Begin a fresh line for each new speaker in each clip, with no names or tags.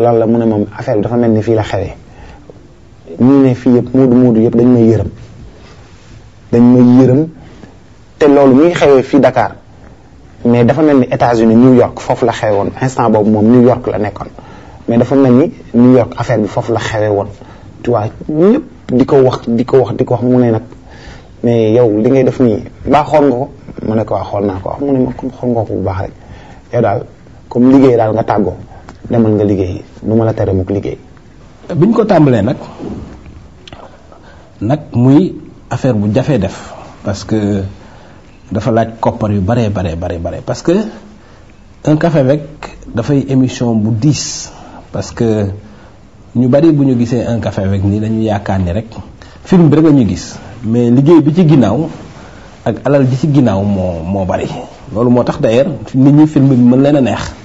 lan la mun ne moom affaire bi dafa mel ni fii la xewee ñu ne fii yëpp muudu muudu yëpp dañ may yërëm dañ may yërëm te loolu muy xewee fii dakaar mais dafa mel ni États-Unis New York foofu la xewe woon instant boobu moom New York la nekkoon mais dafa mel ni New York affaire bi foofu la xewe woon tu vois di ko wax di ko wax di ko wax mu ne nag mais yow li ngay def nii baa xool nga ko mu ne ko waa xool naa ko wax mu ne ma xool nga ko bu baax rek yow daal comme liggéey daal tàggoo demal nga liggéey
du ma la tere mukk liggéey. bi ñu ko tàmbalee nag nag muy affaire bu jafee def parce que dafa laaj koppar yu baree baree baree bare parce que un café avec dafay émission bu diis parce que ñu bari bu ñu gisee un café avec nii dañu yaakaar ni rek film bi rek la ñu gis mais liggéey bi ci ginnaaw ak alal bi ci ginnaaw moo moo bari loolu moo tax d'ailleurs nit ñi film bi mën leen a neex.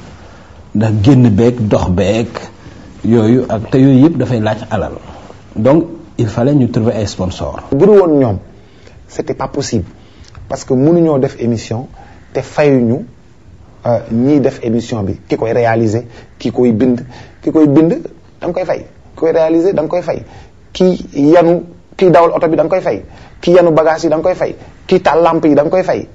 ndax génn beeg dox beeg yooyu ak te yooyu yëpp dafay laaj alal donc il fallait ñu trouver ay sponsor
buru woon ñoom
c'était pas possible parce que mënuñoo def émission
te fayuñu euh, ñii def émission bi ki koy réaliser ki koy bind ki koy bind da koy fay ki koy da nga koy fay ki yanu kii dawal oto bi da koy fay ki yanu bagage yi danga koy fay kii taal yi danga koy fay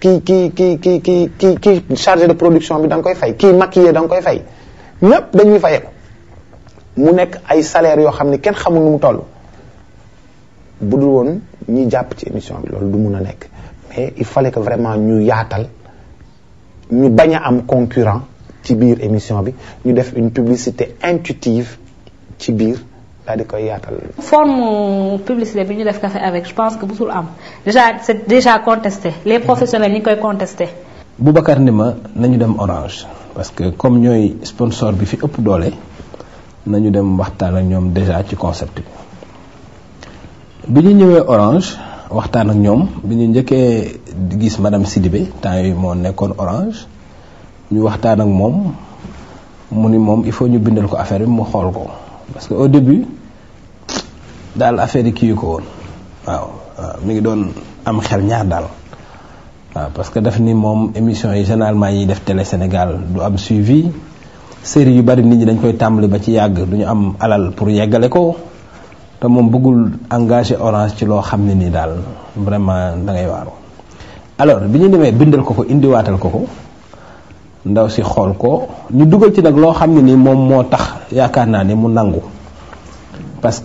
ki kii kii kii kii kii kii chargé de production bi danga koy fay kii maquillé da nga koy fay ñépp dañuy fayeku mu nekk ay salaire yoo xam ne kenn xamul nu mu toll bu dul woon ñi jàpp ci émission bi loolu du mun a nekk mais il fallait que vraiment ñu yaatal ñu bañ a am concurrent ci biir émission bi ñu def une publicité intuitive ci biir daal di koy yaatal.
forme publicité bi ñu def café avec je pense que musul am déjà c'est déjà contesté les professionnels ñi ngi koy contesté. Boubacar ni ma nañu dem Orange parce que comme ñooy sponsor bi fi ëpp doole nañu dem waxtaan ak ñoom déjà ci concept bi ñu ñëwee Orange. waxtaan ak ñoom bi ñu njëkkee gis madame Sidibé temps yooyu moo nekkoon orange ñu waxtaan ak moom mu ni moom il faut ñu bindal ko affaire bi mu xool ko parce au début daal affaire yi kii ko woon waaw waaw mi ngi doon am xel ñaar daal waaw parce que daf ni moom émission yi généralement yi def télé Sénégal du am suivi série yu bari nit ñi dañ koy tàmbali ba ci yàgg du ñu am alal pour yeggale ko te moom bëggul engagé orange ci loo xam ne nii daal vraiment da ngay waaru alors bi ñu demee bindal ko ko indiwaatal ko ko ndaw si xool ko ñu dugal ci nag loo xam ne nii moom moo tax yaakaar naa ni mu nangu parce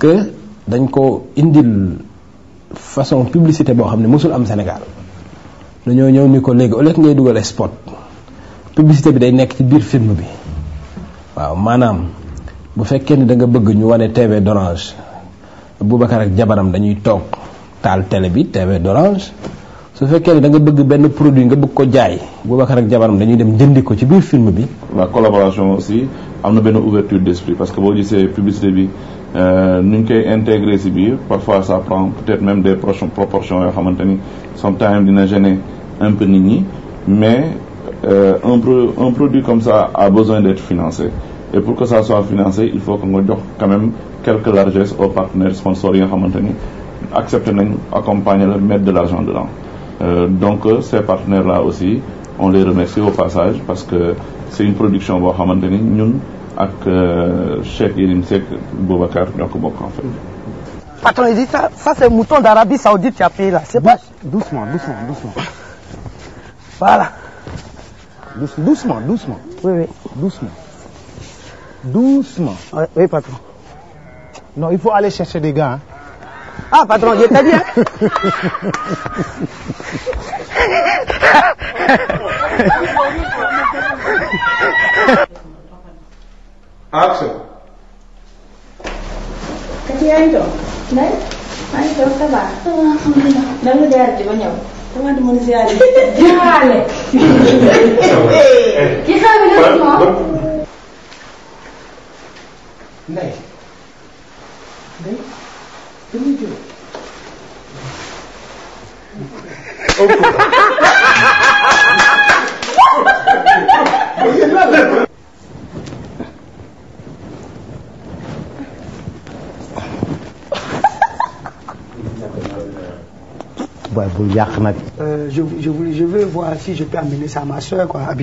dañ ko indil façon publicité boo xam ne mosul am Sénégal dañoo ñëw ni ko léegi au lieu ngay dugale spot publicité bi day nekk ci biir film bi waaw maanaam bu fekkee ni danga bëgg ñu wane TV d'Orange Boubacar ak jabaram dañuy toog taal télé bi TV d'Orange su fekkee ne da nga bëgg benn produit nga bëgg ko jaay Boubacar ak jabaram dañuy dem jëndi ko ci biir film bi.
la collaboration aussi am na benn ouverture d'esprit parce que boo gisee publicité bi euh, nu ñu koy intégrer ci biir parfois ça prend peut-être même des proportions yoo xamante ni sometimes dina gêner un nit ñi mais euh, un pro un produit comme ça a besoin d'être financé et pour que ça soit financé il faut que nga jox quand même quelques largesses aux nga xamante ni accepté nañ accompagner la mettre de l'argent Euh, donc euh, ces partenaires là aussi on les remercie au passage parce que c'est une production boo xamante ni ñun ak euh, Cheikh Yérim Seck Boubacar ñoo ko bokk en fait.
patron il dit ça ça
mouton d'Arabie Saoudite tu as payé là c'est pas. doucement doucement oui patron. non il faut aller chercher des gars Ah, patron,
il était bien. Action. Kati yaa ngi toog. Ndeye maa ngi toog ça va. ça va alhamdulilah. nga jaar ji ba jaale. kii xam nga moom. Ndeye.
Ndeye. Ouais,
vous na a... euh, je, je, je veux voir si je peux amener ça à ma soeur, quoi, à